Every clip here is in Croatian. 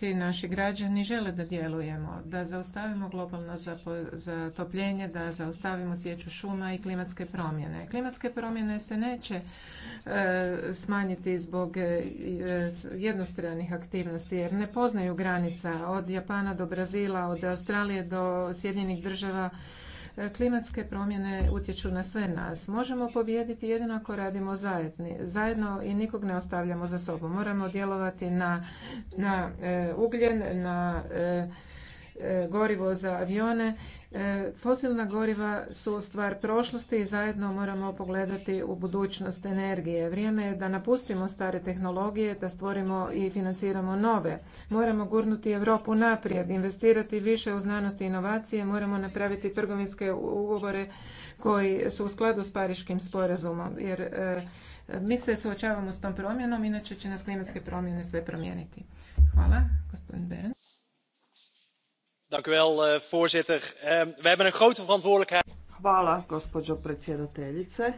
ti naši građani žele da djelujemo, da zaustavimo globalno zatopljenje, da zaustavimo sjeću šuma i klimatske promjene. Klimatske promjene se neće e, smanjiti zbog e, jednostranih aktivnosti jer ne poznaju granica od Japana do Brazila, od Australije do Sjedinjenih država E, klimatske promjene utječu na sve nas. Možemo pobijediti jedino ako radimo zajedni, zajedno i nikog ne ostavljamo za sobom. Moramo djelovati na, na e, ugljen, na e, gorivo za avione E, fosilna goriva su stvar prošlosti i zajedno moramo pogledati u budućnost energije. Vrijeme je da napustimo stare tehnologije, da stvorimo i financiramo nove. Moramo gurnuti Europu naprijed, investirati više u znanost i inovacije, moramo napraviti trgovinske ugovore koji su u skladu s Pariškim sporazumom, jer e, mi se suočavamo s tom promjenom, inače će nas klimatske promjene sve promijeniti. Hvala, gospodin Beren voorzitter hvala gospođo predsjedateljice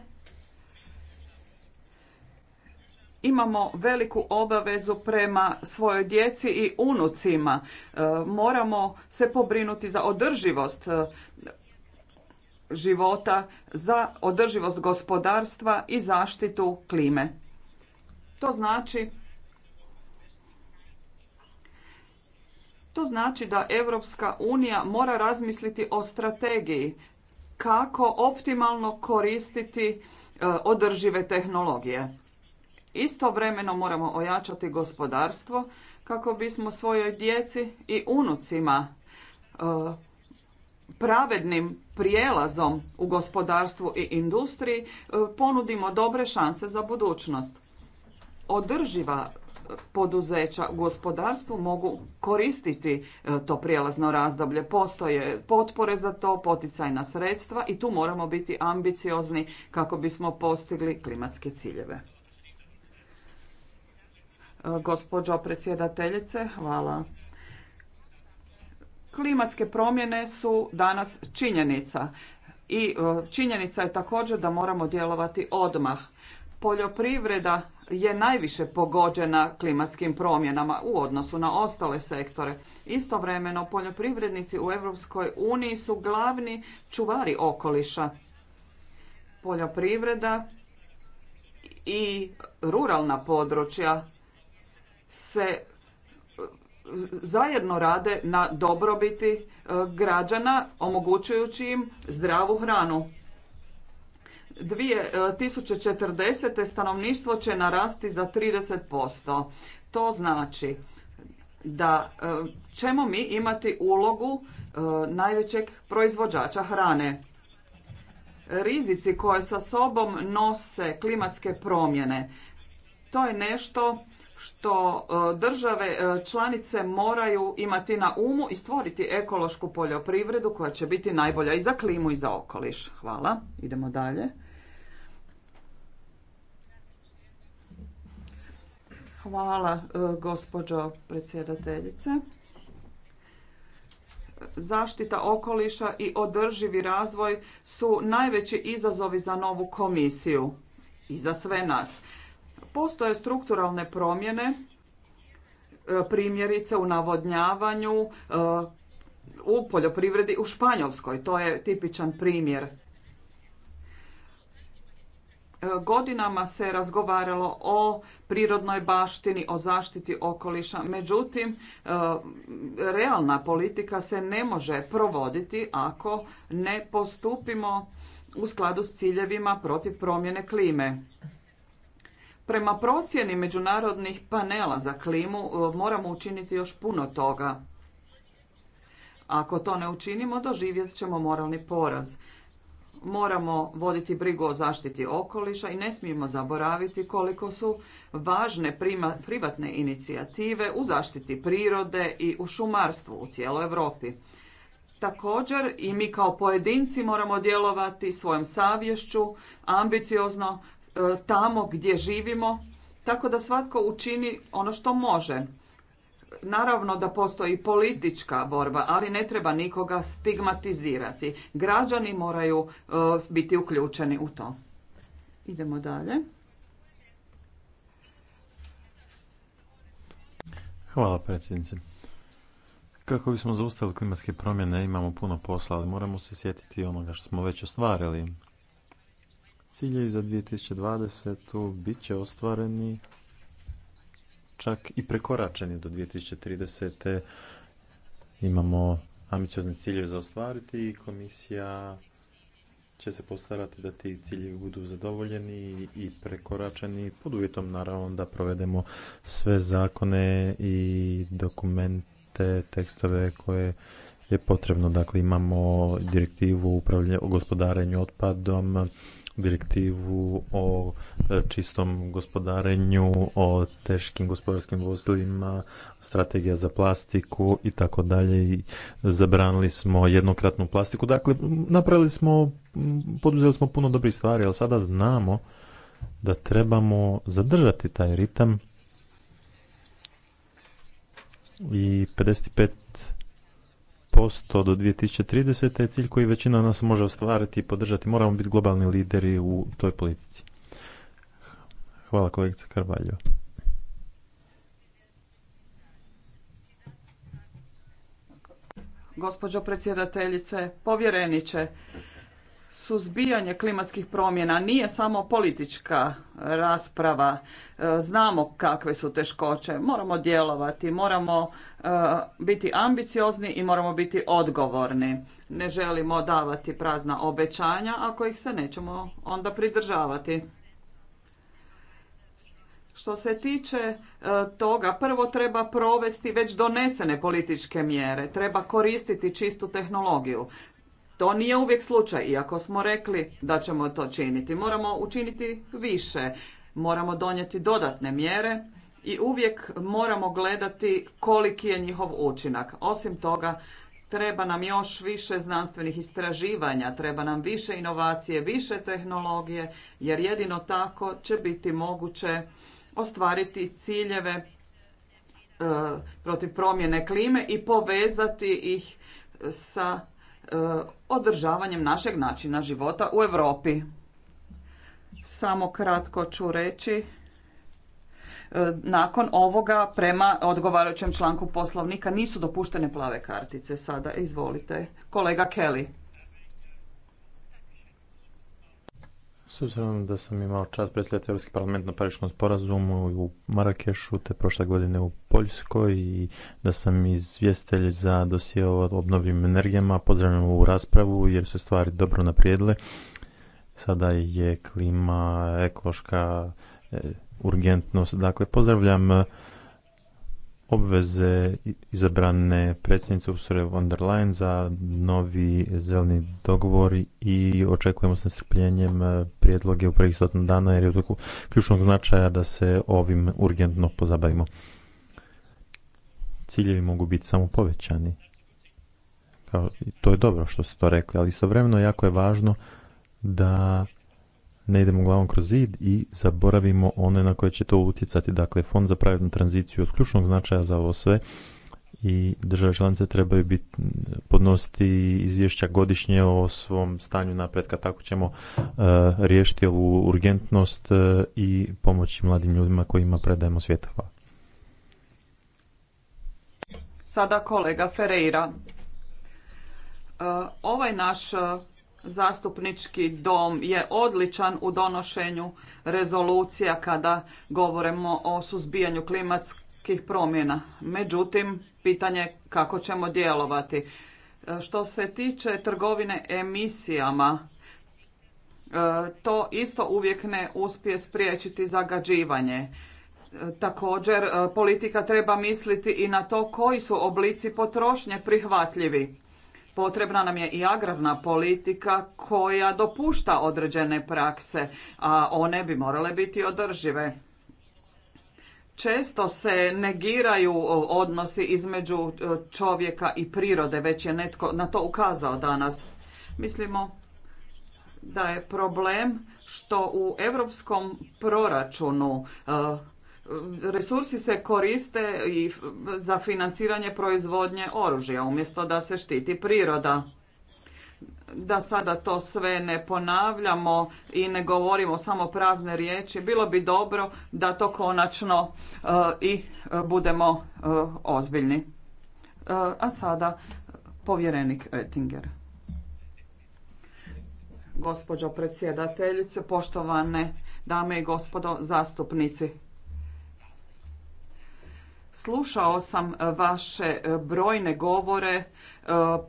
imamo veliku obavezu prema svojoj djeci i unucima eh, moramo se pobrinuti za održivost eh, života za održivost gospodarstva i zaštitu klime to znači To znači da Europska unija mora razmisliti o strategiji kako optimalno koristiti e, održive tehnologije. Istovremeno moramo ojačati gospodarstvo kako bismo svojoj djeci i unucima e, pravednim prijelazom u gospodarstvu i industriji e, ponudimo dobre šanse za budućnost. Održiva poduzeća gospodarstvu mogu koristiti e, to prijelazno razdoblje. Postoje potpore za to, poticajna sredstva i tu moramo biti ambiciozni kako bismo postigli klimatske ciljeve. E, gospođo predsjedateljice, hvala. Klimatske promjene su danas činjenica i e, činjenica je također da moramo djelovati odmah poljoprivreda je najviše pogođena klimatskim promjenama u odnosu na ostale sektore. Istovremeno, poljoprivrednici u Europskoj uniji su glavni čuvari okoliša. Poljoprivreda i ruralna područja se zajedno rade na dobrobiti e, građana, omogućujući im zdravu hranu. 2040. E, stanovništvo će narasti za 30%. To znači da e, ćemo mi imati ulogu e, najvećeg proizvođača hrane. Rizici koje sa sobom nose klimatske promjene, to je nešto što države članice moraju imati na umu i stvoriti ekološku poljoprivredu koja će biti najbolja i za klimu i za okoliš. Hvala. Idemo dalje. Hvala, e, gospođo predsjedateljice. Zaštita okoliša i održivi razvoj su najveći izazovi za novu komisiju i za sve nas. Postoje strukturalne promjene, e, primjerice u navodnjavanju, e, u poljoprivredi u Španjolskoj. To je tipičan primjer E, godinama se razgovaralo o prirodnoj baštini, o zaštiti okoliša. Međutim, e, realna politika se ne može provoditi ako ne postupimo u skladu s ciljevima protiv promjene klime. Prema procjeni međunarodnih panela za klimu e, moramo učiniti još puno toga. Ako to ne učinimo, doživjet ćemo moralni poraz moramo voditi brigu o zaštiti okoliša i ne smijemo zaboraviti koliko su važne privatne inicijative u zaštiti prirode i u šumarstvu u cijeloj Europi. Također i mi kao pojedinci moramo djelovati svojom savješću, ambiciozno e, tamo gdje živimo, tako da svatko učini ono što može. Naravno da postoji politička borba, ali ne treba nikoga stigmatizirati. Građani moraju e, biti uključeni u to. Idemo dalje. Hvala predsjednice. Kako bismo zaustavili klimatske promjene imamo puno posla, ali moramo se sjetiti onoga što smo već ostvarili. Ciljevi za 2020. bit će ostvareni čak i prekoračeni do 2030. Imamo ambiciozne ciljeve za ostvariti i komisija će se postarati da ti ciljevi budu zadovoljeni i prekoračeni pod uvjetom naravno da provedemo sve zakone i dokumente, tekstove koje je potrebno. Dakle, imamo direktivu o gospodarenju otpadom, direktivu o e, čistom gospodarenju, o teškim gospodarskim vozilima, strategija za plastiku i tako dalje. Zabranili smo jednokratnu plastiku. Dakle, napravili smo, poduzeli smo puno dobrih stvari, ali sada znamo da trebamo zadržati taj ritam i 55 posto do 2030. je cilj koji većina nas može ostvariti i podržati. Moramo biti globalni lideri u toj politici. Hvala kolegice Karvaljo. Gospođo predsjedateljice, povjereniče, suzbijanje klimatskih promjena nije samo politička rasprava. E, znamo kakve su teškoće, moramo djelovati, moramo e, biti ambiciozni i moramo biti odgovorni. Ne želimo davati prazna obećanja ako ih se nećemo onda pridržavati. Što se tiče e, toga, prvo treba provesti već donesene političke mjere, treba koristiti čistu tehnologiju. To nije uvijek slučaj, iako smo rekli da ćemo to činiti. Moramo učiniti više, moramo donijeti dodatne mjere i uvijek moramo gledati koliki je njihov učinak. Osim toga, treba nam još više znanstvenih istraživanja, treba nam više inovacije, više tehnologije, jer jedino tako će biti moguće ostvariti ciljeve e, protiv promjene klime i povezati ih sa Eh, održavanjem našeg načina života u Europi. Samo kratko ću reći eh, nakon ovoga prema odgovarajućem članku poslovnika nisu dopuštene plave kartice sada. Izvolite. Kolega Kelly. S obzirom da sam imao čast predstavljati Europski parlament na Pariškom sporazumu u Marakešu te prošle godine u Poljskoj i da sam izvjestelj za dosije o obnovljivim energijama, pozdravljam ovu raspravu jer se stvari dobro naprijedle. Sada je klima ekološka e, urgentnost. Dakle, pozdravljam obveze izabrane predsjednice Ursula von der Leyen za novi zeleni dogovor i očekujemo s nestrpljenjem e, prijedloge u prvih stotnog dana jer je od ključnog značaja da se ovim urgentno pozabavimo. Ciljevi mogu biti samo povećani. Kao, to je dobro što ste to rekli, ali istovremeno jako je važno da ne idemo glavom kroz zid i zaboravimo one na koje će to utjecati. Dakle, fond za pravednu tranziciju od ključnog značaja za ovo sve i države članice trebaju podnositi izvješća godišnje o svom stanju napretka. Tako ćemo e, riješiti ovu urgentnost e, i pomoći mladim ljudima kojima predajemo svijet. Hvala. Sada kolega Ferreira. E, ovaj naš zastupnički dom je odličan u donošenju rezolucija kada govorimo o suzbijanju klimatskih promjena. Međutim, pitanje je kako ćemo djelovati. E, što se tiče trgovine emisijama, e, to isto uvijek ne uspije spriječiti zagađivanje. E, također, politika treba misliti i na to koji su oblici potrošnje prihvatljivi Potrebna nam je i agrarna politika koja dopušta određene prakse, a one bi morale biti održive. Često se negiraju odnosi između e, čovjeka i prirode, već je netko na to ukazao danas. Mislimo da je problem što u europskom proračunu e, resursi se koriste i za financiranje proizvodnje oružja umjesto da se štiti priroda. Da sada to sve ne ponavljamo i ne govorimo samo prazne riječi, bilo bi dobro da to konačno eh, i eh, budemo eh, ozbiljni. a sada povjerenik Oettinger. Gospođo predsjedateljice, poštovane dame i gospodo zastupnici. Slušao sam e, vaše e, brojne govore, e,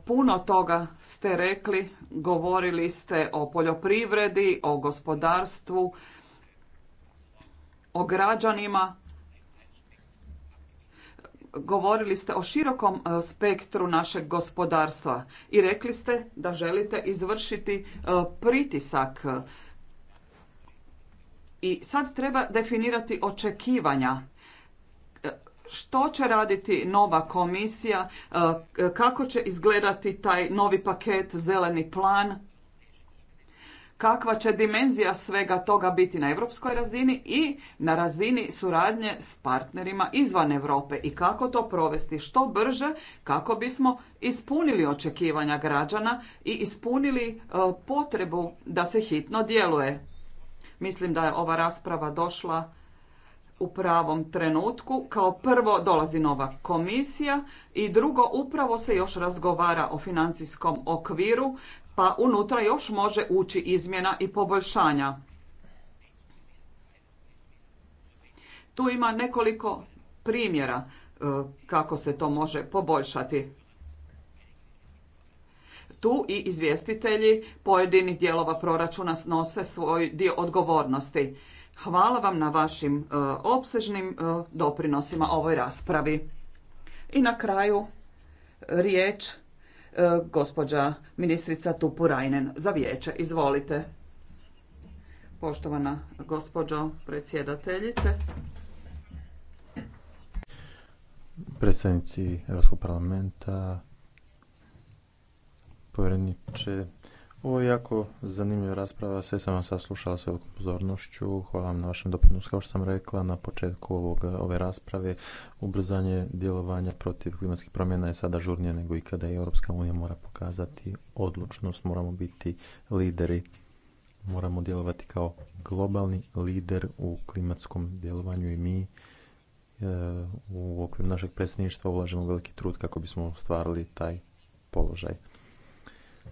puno toga ste rekli, govorili ste o poljoprivredi, o gospodarstvu, o građanima, govorili ste o širokom spektru našeg gospodarstva i rekli ste da želite izvršiti pritisak. I sad treba definirati očekivanja što će raditi nova komisija, e, kako će izgledati taj novi paket, zeleni plan, kakva će dimenzija svega toga biti na europskoj razini i na razini suradnje s partnerima izvan Europe i kako to provesti što brže kako bismo ispunili očekivanja građana i ispunili e, potrebu da se hitno djeluje. Mislim da je ova rasprava došla u pravom trenutku. Kao prvo dolazi nova komisija i drugo upravo se još razgovara o financijskom okviru pa unutra još može ući izmjena i poboljšanja. Tu ima nekoliko primjera e, kako se to može poboljšati. Tu i izvjestitelji pojedinih dijelova proračuna snose svoj dio odgovornosti. Hvala vam na vašim e, opsežnim e, doprinosima ovoj raspravi. I na kraju riječ e, gospođa ministrica Tupurajnen za vijeće. Izvolite. Poštovana gospođo predsjedateljice. Predsjednici Europskog parlamenta, povjereniče, ovo je jako zanimljiva rasprava, sve sam vam saslušala s velikom pozornošću. Hvala vam na vašem doprinosu, kao što sam rekla na početku ovog, ove rasprave. Ubrzanje djelovanja protiv klimatskih promjena je sada žurnije nego ikada i Europska unija mora pokazati odlučnost, moramo biti lideri, moramo djelovati kao globalni lider u klimatskom djelovanju i mi e, u okviru našeg predsjedništva ulažemo veliki trud kako bismo ostvarili taj položaj.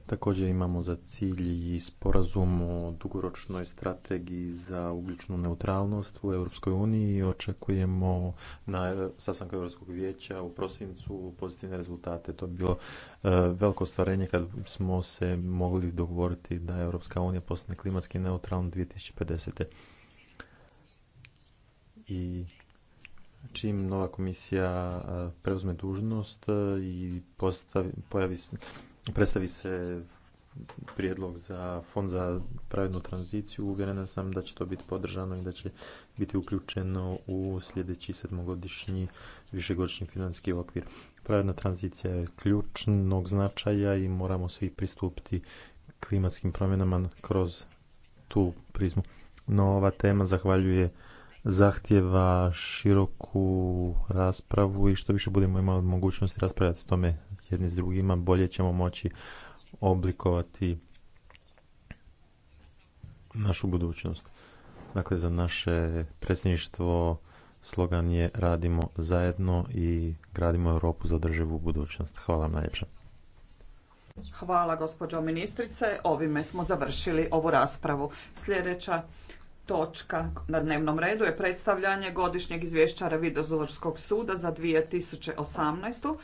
Također imamo za cilj i sporazum o dugoročnoj strategiji za ugljičnu neutralnost u Europskoj uniji i očekujemo na sastanku Europskog vijeća u prosincu pozitivne rezultate. To bi bilo e, veliko ostvarenje kad smo se mogli dogovoriti da Europska unija postane klimatski neutralna 2050. I čim nova komisija e, preuzme dužnost e, i postavi, pojavi predstavi se prijedlog za fond za pravednu tranziciju. uvjeren sam da će to biti podržano i da će biti uključeno u sljedeći sedmogodišnji višegodišnji financijski okvir. Pravedna tranzicija je ključnog značaja i moramo svi pristupiti klimatskim promjenama kroz tu prizmu. No ova tema zahvaljuje zahtjeva široku raspravu i što više budemo imali mogućnosti raspravljati o tome jedni s drugima, bolje ćemo moći oblikovati našu budućnost. Dakle, za naše predsjedništvo slogan je radimo zajedno i gradimo Europu za održivu budućnost. Hvala vam najljepša. Hvala gospođo ministrice. Ovime smo završili ovu raspravu. Sljedeća točka na dnevnom redu je predstavljanje godišnjeg izvješća Revizorskog suda za 2018.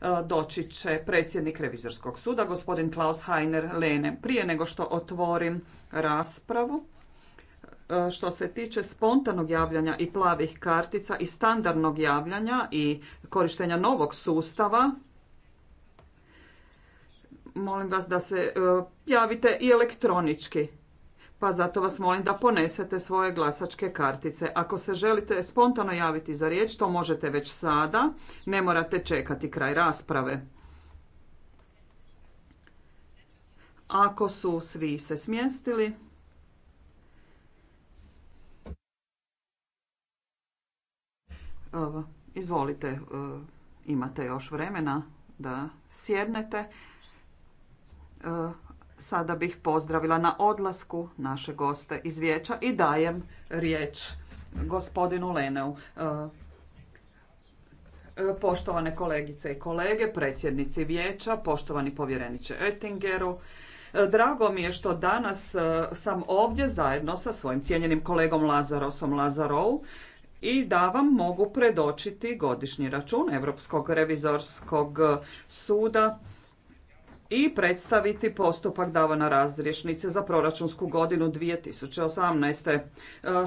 E, doći će predsjednik revizorskog suda, gospodin Klaus Heiner Lene. Prije nego što otvorim raspravu, e, što se tiče spontanog javljanja i plavih kartica i standardnog javljanja i korištenja novog sustava, molim vas da se e, javite i elektronički pa zato vas molim da ponesete svoje glasačke kartice. Ako se želite spontano javiti za riječ, to možete već sada, ne morate čekati kraj rasprave. Ako su svi se smjestili, izvolite, e, imate još vremena da sjednete. E, Sada bih pozdravila na odlasku naše goste iz vijeća i dajem riječ gospodinu Leneu. E, e, poštovane kolegice i kolege, predsjednici vijeća, poštovani povjereniče Oettingeru, e, Drago mi je što danas sam ovdje zajedno sa svojim cijenjenim kolegom Lazarosom Lazarou i da vam mogu predočiti godišnji račun Europskog revizorskog suda i predstaviti postupak davana razrješnice za proračunsku godinu 2018. E,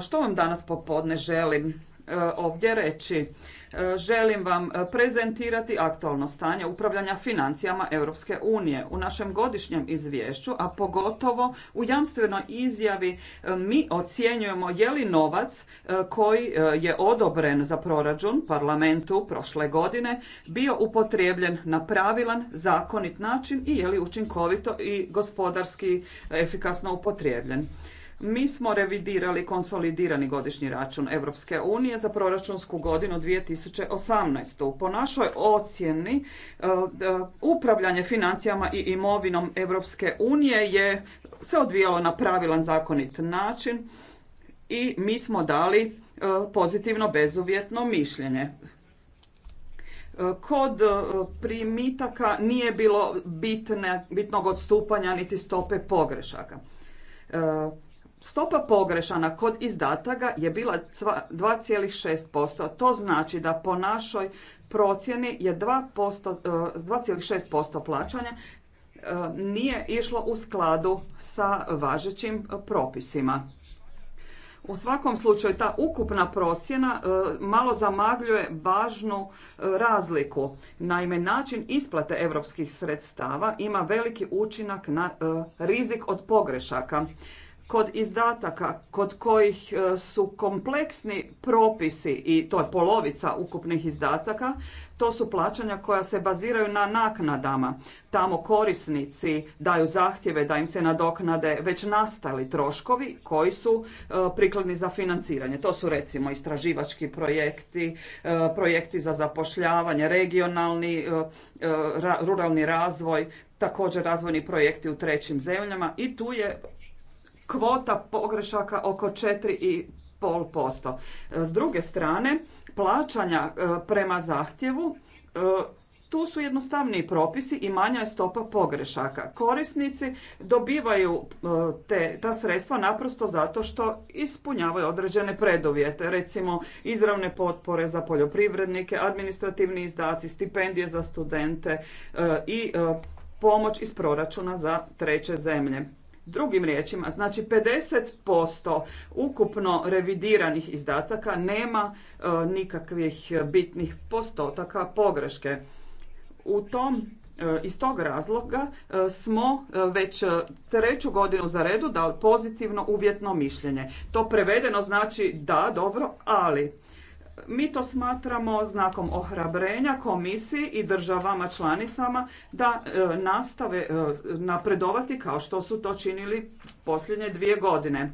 što vam danas popodne želim? E, ovdje reći. E, želim vam prezentirati aktualno stanje upravljanja financijama Europske unije. U našem godišnjem izvješću, a pogotovo u jamstvenoj izjavi, e, mi ocjenjujemo je li novac koji je odobren za proračun parlamentu prošle godine bio upotrijebljen na pravilan, zakonit način i je li učinkovito i gospodarski efikasno upotrijebljen. Mi smo revidirali konsolidirani godišnji račun Europske unije za proračunsku godinu 2018. Po našoj ocjeni e, e, upravljanje financijama i imovinom Europske unije je se odvijalo na pravilan zakonit način i mi smo dali e, pozitivno bezuvjetno mišljenje. Kod primitaka nije bilo bitnog odstupanja niti stope pogrešaka. Stopa pogrešana kod izdataka je bila 2,6%. To znači da po našoj procjeni je 2,6% e, plaćanja e, nije išlo u skladu sa važećim propisima. U svakom slučaju ta ukupna procjena e, malo zamagljuje važnu razliku. Naime, način isplate europskih sredstava ima veliki učinak na rizik od pogrešaka kod izdataka kod kojih e, su kompleksni propisi i to je polovica ukupnih izdataka, to su plaćanja koja se baziraju na naknadama. Tamo korisnici daju zahtjeve da im se nadoknade već nastali troškovi koji su e, prikladni za financiranje. To su recimo istraživački projekti, e, projekti za zapošljavanje, regionalni, ruralni razvoj, također razvojni projekti u trećim zemljama i tu je kvota pogrešaka oko 4,5%. S druge strane, plaćanja e, prema zahtjevu e, tu su jednostavniji propisi i manja je stopa pogrešaka. Korisnici dobivaju e, te, ta sredstva naprosto zato što ispunjavaju određene preduvjete, recimo izravne potpore za poljoprivrednike, administrativni izdaci, stipendije za studente i pomoć iz proračuna za treće zemlje. Drugim riječima, znači 50% ukupno revidiranih izdataka nema e, nikakvih bitnih postotaka pogreške. U tom e, iz tog razloga e, smo već treću godinu za redu dali pozitivno uvjetno mišljenje. To prevedeno znači da, dobro, ali mi to smatramo znakom ohrabrenja komisiji i državama članicama da e, nastave e, napredovati kao što su to činili posljednje dvije godine.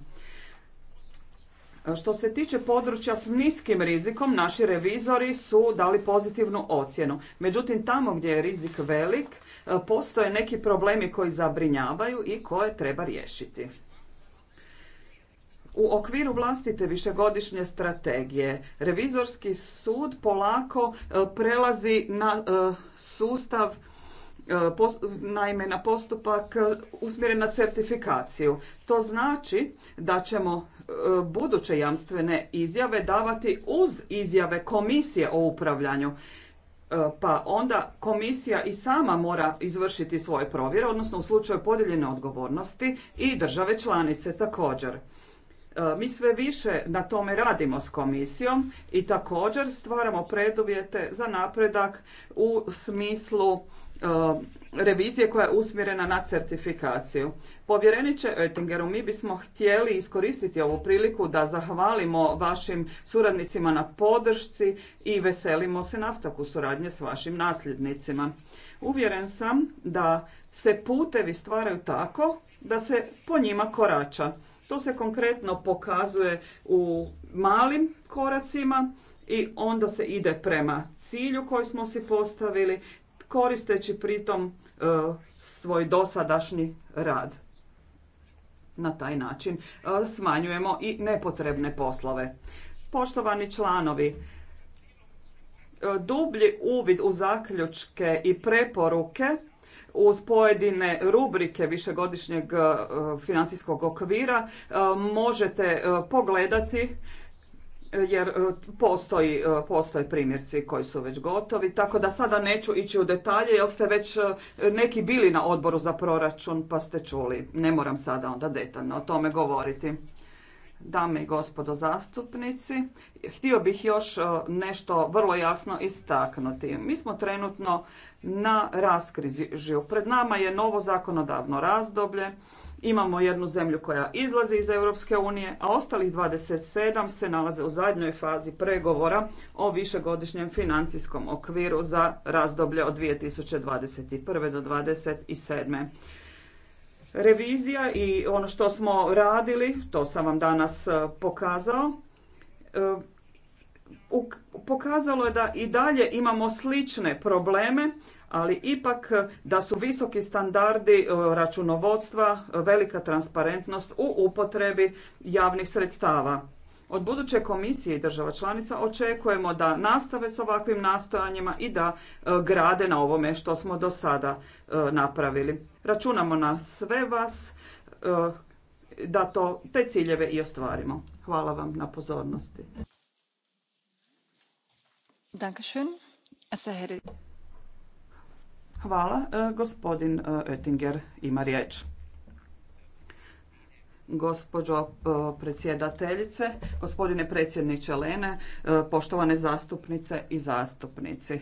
E, što se tiče područja s niskim rizikom, naši revizori su dali pozitivnu ocjenu. Međutim, tamo gdje je rizik velik, postoje neki problemi koji zabrinjavaju i koje treba riješiti. U okviru vlastite višegodišnje strategije revizorski sud polako e, prelazi na e, sustav e, naime na postupak usmjeren na certifikaciju. To znači da ćemo buduće jamstvene izjave davati uz izjave komisije o upravljanju. Pa onda komisija i sama mora izvršiti svoje provjere, odnosno u slučaju podijeljene odgovornosti i države članice također. E, mi sve više na tome radimo s komisijom i također stvaramo preduvjete za napredak u smislu e, revizije koja je usmjerena na certifikaciju. Povjereniče Oettingeru, mi bismo htjeli iskoristiti ovu priliku da zahvalimo vašim suradnicima na podršci i veselimo se nastavku suradnje s vašim nasljednicima. Uvjeren sam da se putevi stvaraju tako da se po njima korača. To se konkretno pokazuje u malim koracima i onda se ide prema cilju koji smo si postavili koristeći pritom e, svoj dosadašnji rad. Na taj način e, smanjujemo i nepotrebne poslove. Poštovani članovi, e, dublji uvid u zaključke i preporuke uz pojedine rubrike višegodišnjeg e, financijskog okvira e, možete e, pogledati jer postoji, postoje primjerci koji su već gotovi, tako da sada neću ići u detalje, jer ste već neki bili na odboru za proračun pa ste čuli. Ne moram sada onda detaljno o tome govoriti dame i gospodo zastupnici. Htio bih još e, nešto vrlo jasno istaknuti. Mi smo trenutno na raskrižju. Pred nama je novo zakonodavno razdoblje. Imamo jednu zemlju koja izlazi iz Europske unije, a ostalih 27 se nalaze u zadnjoj fazi pregovora o višegodišnjem financijskom okviru za razdoblje od 2021. do 2027. Revizija i ono što smo radili, to sam vam danas e, pokazao, e, pokazalo je da i dalje imamo slične probleme, ali ipak e, da su visoki standardi računovodstva, velika transparentnost u upotrebi javnih sredstava. Od buduće komisije i država članica očekujemo da nastave s ovakvim nastojanjima i da e, grade na ovome što smo do sada e, napravili. Računamo na sve vas e, da to, te ciljeve i ostvarimo. Hvala vam na pozornosti. Hvala. Gospodin Oettinger ima riječ gospođo e, predsjedateljice, gospodine predsjedniče Lene, e, poštovane zastupnice i zastupnici.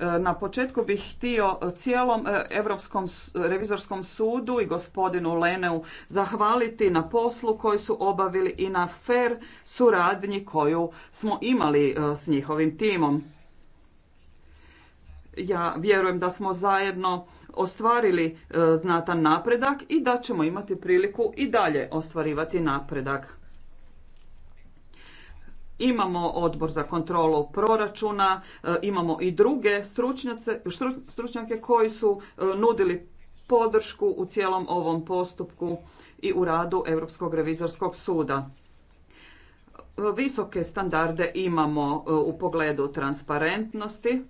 E, na početku bih htio cijelom Europskom revizorskom sudu i gospodinu Leneu zahvaliti na poslu koji su obavili i na fer suradnji koju smo imali s njihovim timom. Ja vjerujem da smo zajedno ostvarili e, znatan napredak i da ćemo imati priliku i dalje ostvarivati napredak. Imamo odbor za kontrolu proračuna, e, imamo i druge stručnjake koji su e, nudili podršku u cijelom ovom postupku i u radu Europskog revizorskog suda. Visoke standarde imamo u pogledu transparentnosti,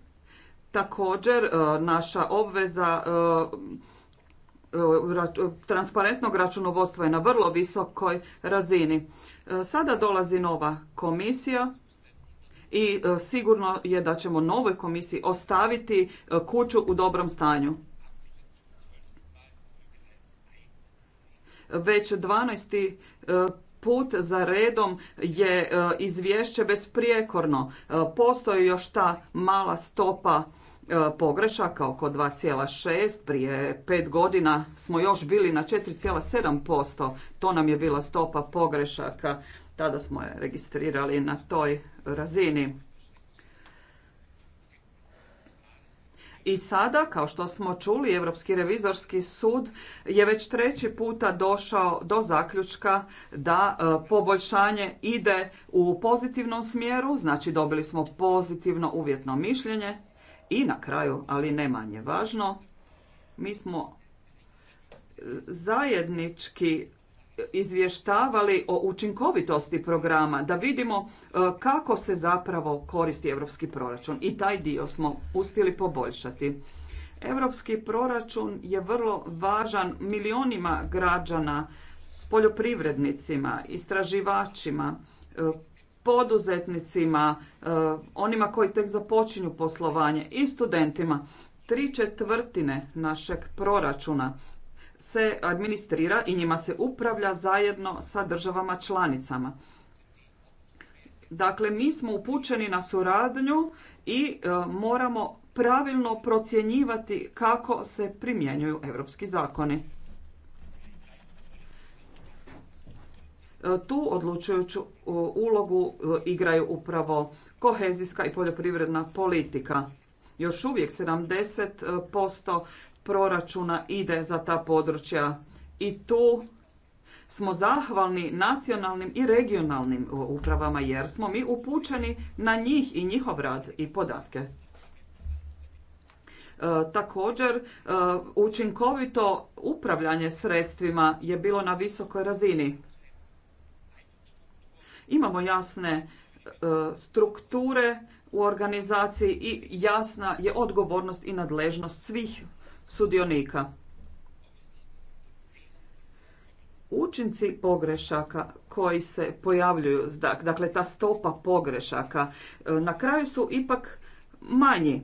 također e, naša obveza e, e, transparentnog računovodstva je na vrlo visokoj razini. Sada dolazi nova komisija i sigurno je da ćemo novoj komisiji ostaviti kuću u dobrom stanju. Već 12 put za redom je izvješće besprijekorno. Postoji još ta mala stopa E, pogrešaka oko 2,6. Prije pet godina smo još bili na 4,7%. To nam je bila stopa pogrešaka. Tada smo je registrirali na toj razini. I sada, kao što smo čuli, Europski revizorski sud je već treći puta došao do zaključka da e, poboljšanje ide u pozitivnom smjeru, znači dobili smo pozitivno uvjetno mišljenje, i na kraju, ali ne manje važno, mi smo zajednički izvještavali o učinkovitosti programa, da vidimo e, kako se zapravo koristi europski proračun. I taj dio smo uspjeli poboljšati. Europski proračun je vrlo važan milionima građana, poljoprivrednicima, istraživačima, e, poduzetnicima, eh, onima koji tek započinju poslovanje i studentima. Tri četvrtine našeg proračuna se administrira i njima se upravlja zajedno sa državama članicama. Dakle, mi smo upućeni na suradnju i eh, moramo pravilno procjenjivati kako se primjenjuju europski zakoni. Tu odlučujuću ulogu e, igraju upravo kohezijska i poljoprivredna politika. Još uvijek 70% proračuna ide za ta područja i tu smo zahvalni nacionalnim i regionalnim e, upravama jer smo mi upućeni na njih i njihov rad i podatke. E, također, učinkovito upravljanje sredstvima je bilo na visokoj razini. Imamo jasne e, strukture u organizaciji i jasna je odgovornost i nadležnost svih sudionika. učinci pogrešaka koji se pojavljuju, dakle ta stopa pogrešaka, e, na kraju su ipak manji.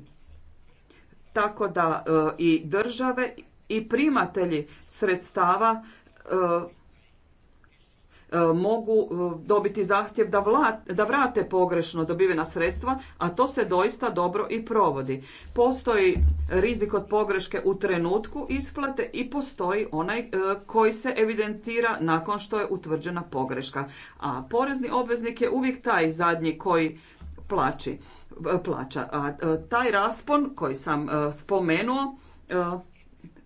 Tako da e, i države i primatelji sredstava E, mogu e, dobiti zahtjev da, da vrate pogrešno dobivena sredstva, a to se doista dobro i provodi. Postoji rizik od pogreške u trenutku isplate i postoji onaj e, koji se evidentira nakon što je utvrđena pogreška. A porezni obveznik je uvijek taj zadnji koji plaći, plaća. A taj raspon koji sam spomenuo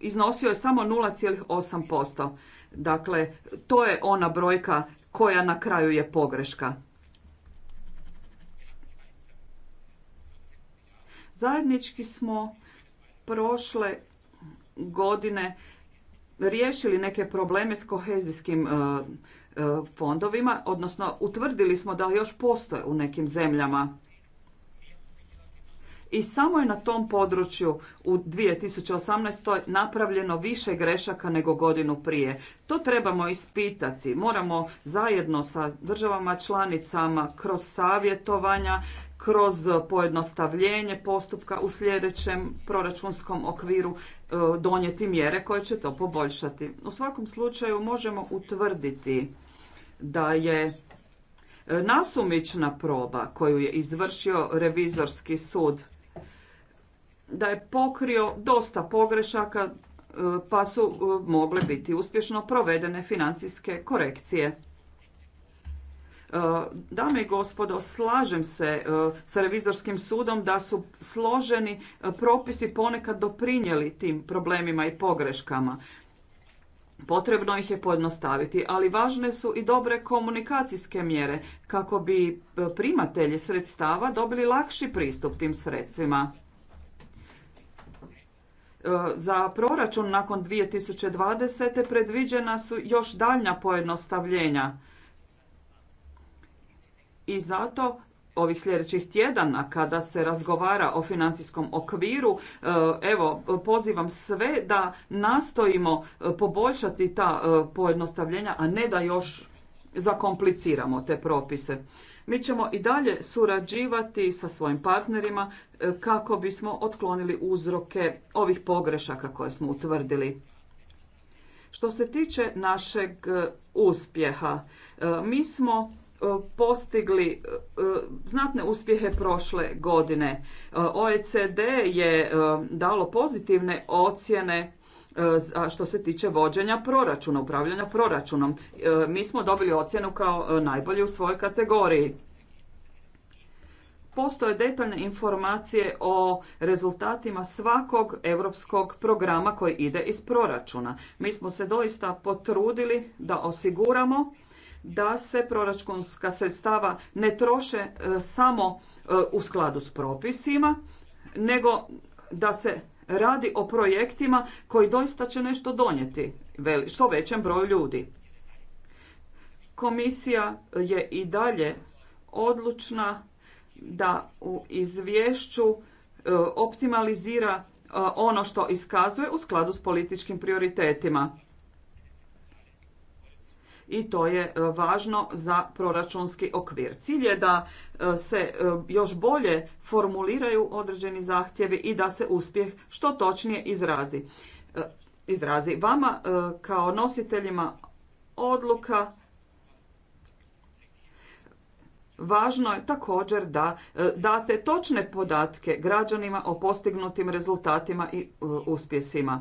iznosio je samo 0,8%. Dakle, to je ona brojka koja na kraju je pogreška. Zajednički smo prošle godine riješili neke probleme s kohezijskim e, e, fondovima, odnosno utvrdili smo da još postoje u nekim zemljama i samo je na tom području u 2018. napravljeno više grešaka nego godinu prije. To trebamo ispitati. Moramo zajedno sa državama članicama kroz savjetovanja, kroz pojednostavljenje postupka u sljedećem proračunskom okviru e, donijeti mjere koje će to poboljšati. U svakom slučaju možemo utvrditi da je e, nasumična proba koju je izvršio revizorski sud da je pokrio dosta pogrešaka e, pa su e, mogle biti uspješno provedene financijske korekcije. E, dame i gospodo, slažem se sa revizorskim sudom da su složeni propisi ponekad doprinijeli tim problemima i pogreškama. Potrebno ih je pojednostaviti, ali važne su i dobre komunikacijske mjere kako bi primatelji sredstava dobili lakši pristup tim sredstvima. E, za proračun nakon 2020. predviđena su još daljnja pojednostavljenja. I zato ovih sljedećih tjedana kada se razgovara o financijskom okviru, e, evo pozivam sve da nastojimo e, poboljšati ta pojednostavljenja, a ne da još zakompliciramo te propise. Mi ćemo i dalje surađivati sa svojim partnerima e, kako bismo otklonili uzroke ovih pogrešaka koje smo utvrdili. Što se tiče našeg e, uspjeha, e, mi smo postigli znatne uspjehe prošle godine. OECD je dalo pozitivne ocjene E, što se tiče vođenja proračuna, upravljanja proračunom. E, mi smo dobili ocjenu kao e, najbolji u svojoj kategoriji. Postoje detaljne informacije o rezultatima svakog europskog programa koji ide iz proračuna. Mi smo se doista potrudili da osiguramo da se proračunska sredstava ne troše samo u skladu s propisima, nego da se radi o projektima koji doista će nešto donijeti što većem broju ljudi. Komisija je i dalje odlučna da u izvješću e, optimalizira e, ono što iskazuje u skladu s političkim prioritetima i to je e, važno za proračunski okvir. Cilj je da e, se e, još bolje formuliraju određeni zahtjevi i da se uspjeh što točnije izrazi. izrazi. Vama kao nositeljima odluka Važno je također da date točne podatke građanima o postignutim rezultatima i uspjesima.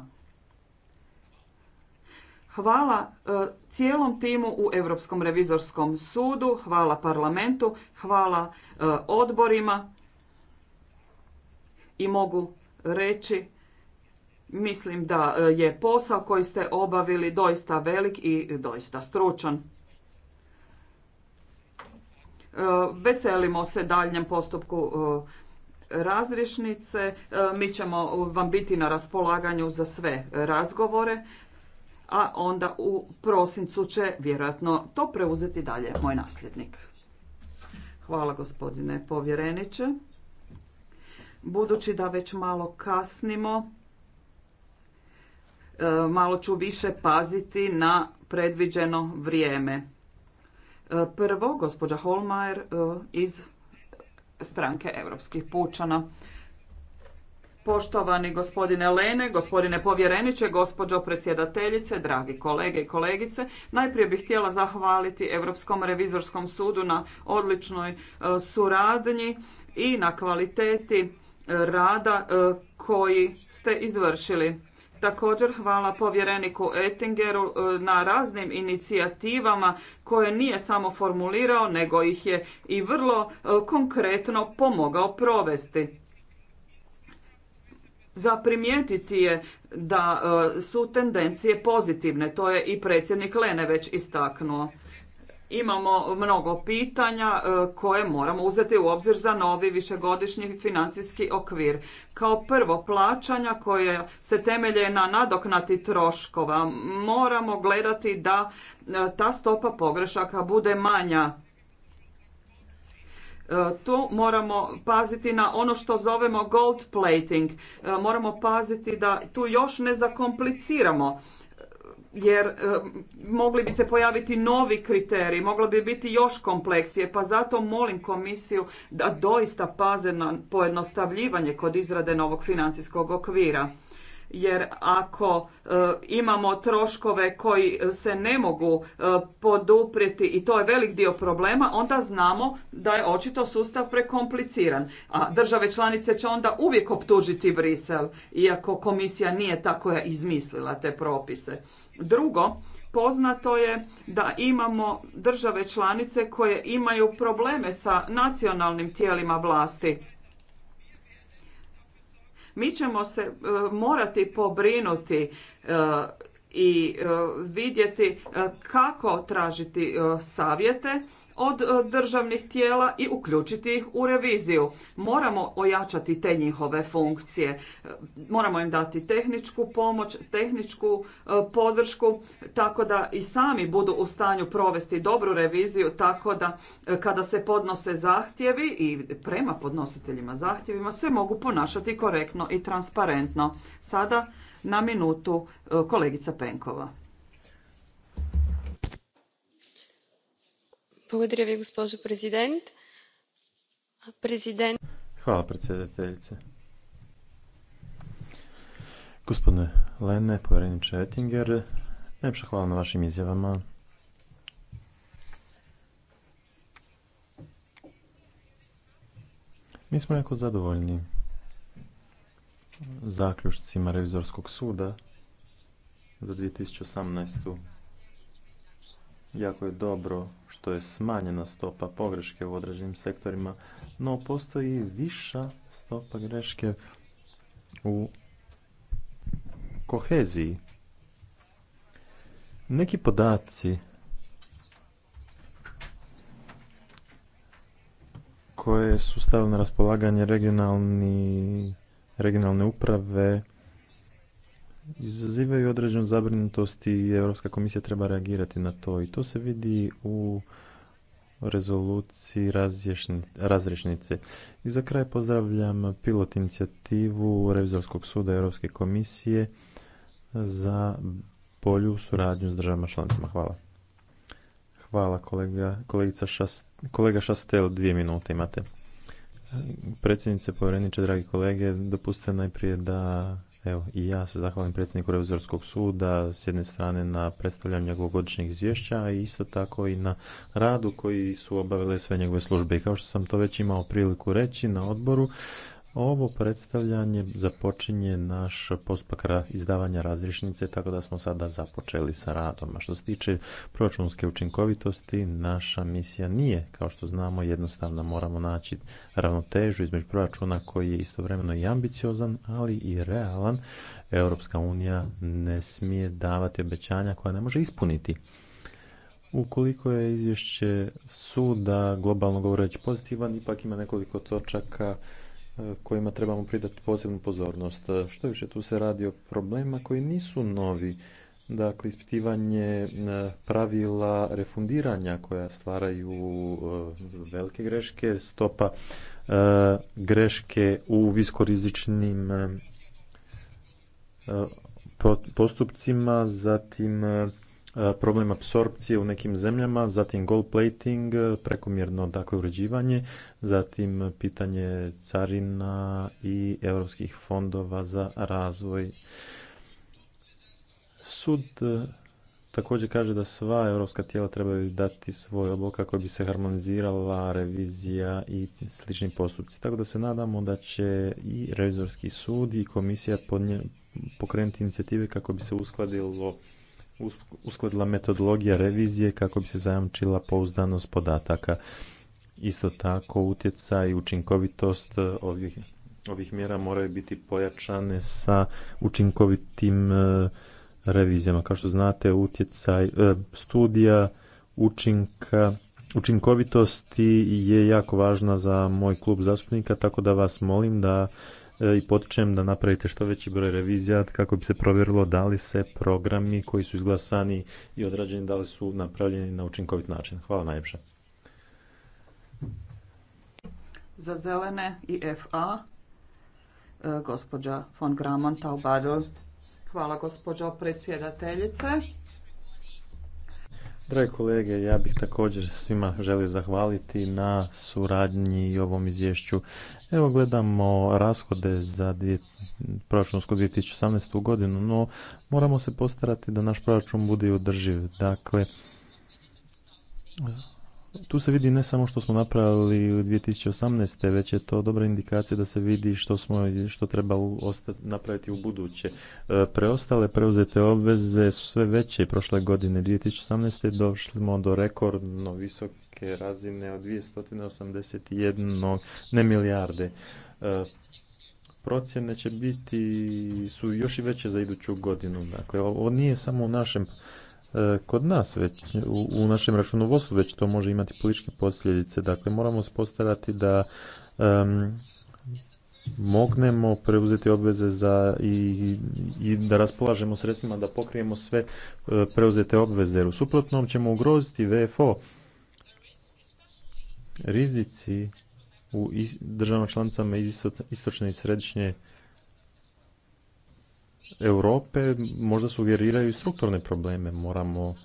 Hvala e, cijelom timu u Europskom revizorskom sudu, hvala parlamentu, hvala e, odborima i mogu reći mislim da e, je posao koji ste obavili doista velik i doista stručan. Veselimo se daljnjem postupku razrješnice. Mi ćemo vam biti na raspolaganju za sve razgovore a onda u prosincu će vjerojatno to preuzeti dalje moj nasljednik. Hvala gospodine povjereniče. Budući da već malo kasnimo, e, malo ću više paziti na predviđeno vrijeme. E, prvo, gospođa Holmajer e, iz stranke Europskih pučana. Poštovani gospodine Lene, gospodine povjereniče, gospođo predsjedateljice, dragi kolege i kolegice, najprije bih htjela zahvaliti Europskom revizorskom sudu na odličnoj e, suradnji i na kvaliteti e, rada e, koji ste izvršili. Također hvala povjereniku Ettingeru na raznim inicijativama koje nije samo formulirao, nego ih je i vrlo konkretno pomogao provesti. Za primijetiti je da e, su tendencije pozitivne, to je i predsjednik Lene već istaknuo. Imamo mnogo pitanja e, koje moramo uzeti u obzir za novi višegodišnji financijski okvir. Kao prvo, plaćanja koje se temelje na nadoknati troškova. Moramo gledati da e, ta stopa pogrešaka bude manja E, tu moramo paziti na ono što zovemo gold plating. E, moramo paziti da tu još ne zakompliciramo e, jer mogli bi se pojaviti novi kriteriji, moglo bi biti još kompleksije, pa zato molim komisiju da doista paze na pojednostavljivanje kod izrade novog financijskog okvira jer ako e, imamo troškove koji se ne mogu e, poduprijeti i to je velik dio problema, onda znamo da je očito sustav prekompliciran. A države članice će onda uvijek optužiti Brisel, iako komisija nije ta koja izmislila te propise. Drugo, poznato je da imamo države članice koje imaju probleme sa nacionalnim tijelima vlasti mi ćemo se e, morati pobrinuti e, i e, vidjeti kako tražiti savjete od e, državnih tijela i uključiti ih u reviziju. Moramo ojačati te njihove funkcije. E, moramo im dati tehničku pomoć, tehničku e, podršku, tako da i sami budu u stanju provesti dobru reviziju, tako da kada se podnose zahtjevi i prema podnositeljima zahtjevima se mogu ponašati korektno i transparentno. Sada na minutu kolegica Penkova. gospođo predsjednice hvala predsjedateljice gospodine Lene, povjereniče oettinger najljepša hvala na vašim izjavama mi smo jako zadovoljni zaključcima revizorskog suda za 2018 jako je dobro što je smanjena stopa pogreške u određenim sektorima no postoji viša stopa greške u koheziji neki podaci koje su stavili na raspolaganje regionalne uprave izazivaju određenu zabrinutost i Europska komisija treba reagirati na to. I to se vidi u rezoluciji razrješnice. I za kraj pozdravljam pilot inicijativu Revizorskog suda Europske komisije za bolju suradnju s državama članicama. Hvala. Hvala kolega, kolegica kolega Šastel, dvije minute imate. Predsjednice, povjereniče, dragi kolege, dopustite najprije da Evo, i ja se zahvalim predsjedniku Revizorskog suda s jedne strane na predstavljanju njegovog godišnjeg izvješća, a isto tako i na radu koji su obavile sve njegove službe. I kao što sam to već imao priliku reći na odboru, ovo predstavljanje započinje naš postupak izdavanja razrišnice, tako da smo sada započeli sa radom. A što se tiče proračunske učinkovitosti, naša misija nije, kao što znamo, jednostavno moramo naći ravnotežu između proračuna koji je istovremeno i ambiciozan, ali i realan. Europska unija ne smije davati obećanja koja ne može ispuniti. Ukoliko je izvješće suda globalno govoreći pozitivan, ipak ima nekoliko točaka kojima trebamo pridati posebnu pozornost. Što više tu se radi o problemima koji nisu novi, dakle ispitivanje e, pravila refundiranja koja stvaraju e, velike greške, stopa e, greške u viskorizičnim postupcima, zatim E, problem apsorpcije u nekim zemljama, zatim gold plating, e, prekomjerno dakle uređivanje, zatim pitanje carina i europskih fondova za razvoj. Sud e, također kaže da sva europska tijela trebaju dati svoj odlog kako bi se harmonizirala revizija i slični postupci. Tako da se nadamo da će i revizorski sud i komisija pokrenuti inicijative kako bi se uskladilo uskladila metodologija revizije kako bi se zajamčila pouzdanost podataka. Isto tako utjecaj i učinkovitost eh, ovih, mjera moraju biti pojačane sa učinkovitim eh, revizijama. Kao što znate, utjecaj eh, studija učinka učinkovitosti je jako važna za moj klub zastupnika, tako da vas molim da E, i potičem da napravite što veći broj revizija kako bi se provjerilo da li se programi koji su izglasani i odrađeni da li su napravljeni na učinkovit način. Hvala najljepše. Za zelene i FA e, gospođa von Gramon Taubadl. Hvala gospođo predsjedateljice. Drage kolege, ja bih također svima želio zahvaliti na suradnji i ovom izvješću. Evo gledamo rashode za dvije, proračunsku 2018. godinu, no moramo se postarati da naš proračun bude održiv. Dakle, tu se vidi ne samo što smo napravili u 2018. već je to dobra indikacija da se vidi što, smo, što treba napraviti u buduće. E, preostale preuzete obveze su sve veće prošle godine. 2018. došli smo do rekordno visok neke razine od 281 ne milijarde. E, procjene će biti, su još i veće za iduću godinu. Dakle, ovo nije samo u našem e, kod nas već u, našem računovodstvu već to može imati političke posljedice. Dakle, moramo spostarati da mognemo preuzeti obveze za i, i da raspolažemo sredstvima da pokrijemo sve e, preuzete obveze jer u suprotnom ćemo ugroziti VFO rizici u državama članicama iz istočne i središnje Europe možda sugeriraju strukturne probleme. Moramo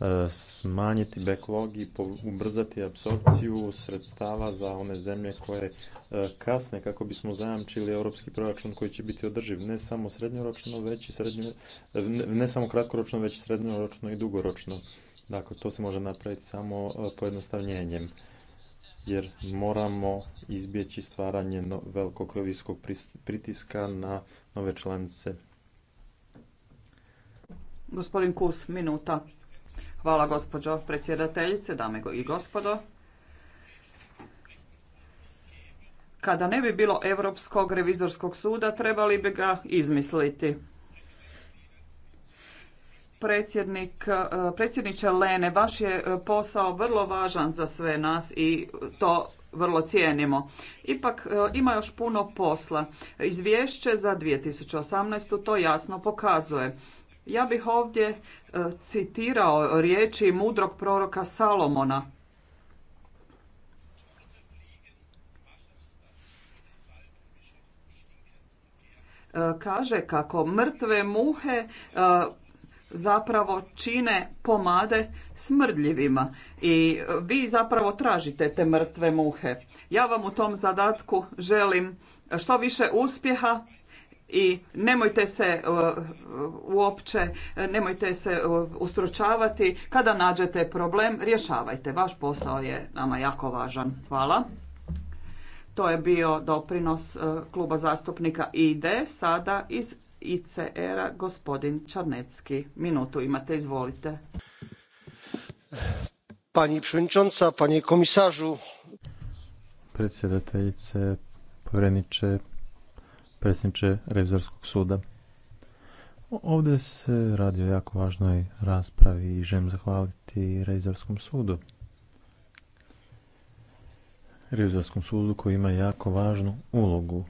e, smanjiti backlog i ubrzati apsorpciju sredstava za one zemlje koje e, kasne kako bismo zajamčili europski proračun koji će biti održiv ne samo srednjoročno već i srednjo, ne samo kratkoročno već srednjoročno i dugoročno. Dakle, to se može napraviti samo e, pojednostavljenjem jer moramo izbjeći stvaranje velikog pritiska na nove članice. Gospodin Kus, minuta. Hvala gospođo predsjedateljice, dame i gospodo. Kada ne bi bilo Europskog revizorskog suda, trebali bi ga izmisliti predsjednik, e, predsjedniče Lene, vaš je e, posao vrlo važan za sve nas i to vrlo cijenimo. Ipak e, ima još puno posla. Izvješće za 2018. to jasno pokazuje. Ja bih ovdje citirao riječi mudrog proroka Salomona. Kaže kako mrtve muhe zapravo čine pomade smrdljivima i vi zapravo tražite te mrtve muhe. Ja vam u tom zadatku želim što više uspjeha i nemojte se e, uopće, nemojte se uh, ustručavati. Kada nađete problem, rješavajte. Vaš posao je nama jako važan. Hvala. To je bio doprinos e, kluba zastupnika IDE, sada iz ICR-a gospodin Čarnecki. Minutu imate, izvolite. Pani przewodnicząca, panie komisarzu. Predsjedateljice, povjereniče, predsjedniče Revizorskog suda. Ovdje se radi o jako važnoj raspravi i želim zahvaliti Revizorskom sudu. Revizorskom sudu koji ima jako važnu ulogu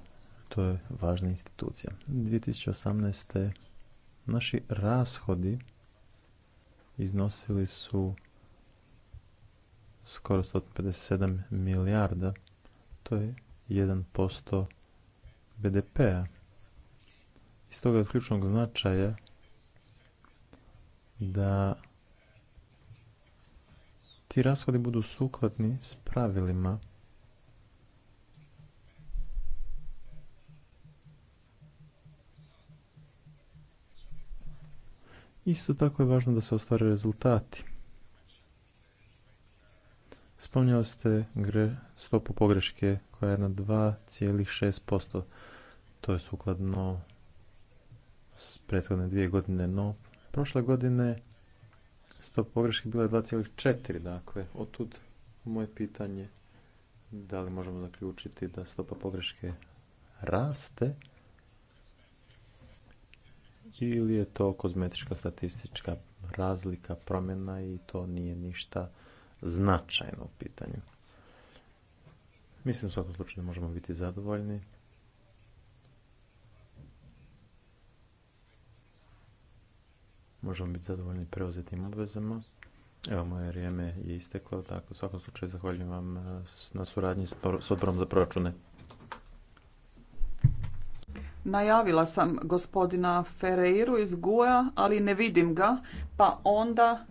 to je važna institucija. 2018. naši rashodi iznosili su skoro 157 milijarda, to je 1% BDP-a. Iz toga je ključnog značaja da ti rashodi budu sukladni s pravilima Isto tako je važno da se ostvare rezultati. Spominjali ste stopu pogreške koja je na 2,6%. To je sukladno s prethodne dvije godine, no prošle godine stopa pogreške bila je 2,4, dakle, otud moje pitanje da li možemo zaključiti da stopa pogreške raste ili je to kozmetička statistička razlika, promjena i to nije ništa značajno u pitanju. Mislim u svakom slučaju da možemo biti zadovoljni. Možemo biti zadovoljni preuzetim obvezama. Evo, moje vrijeme je isteklo, tako u svakom slučaju zahvaljujem vam eh, na suradnji s odborom za proračune. Najavila sam gospodina Ferreiru iz Guja, ali ne vidim ga, pa onda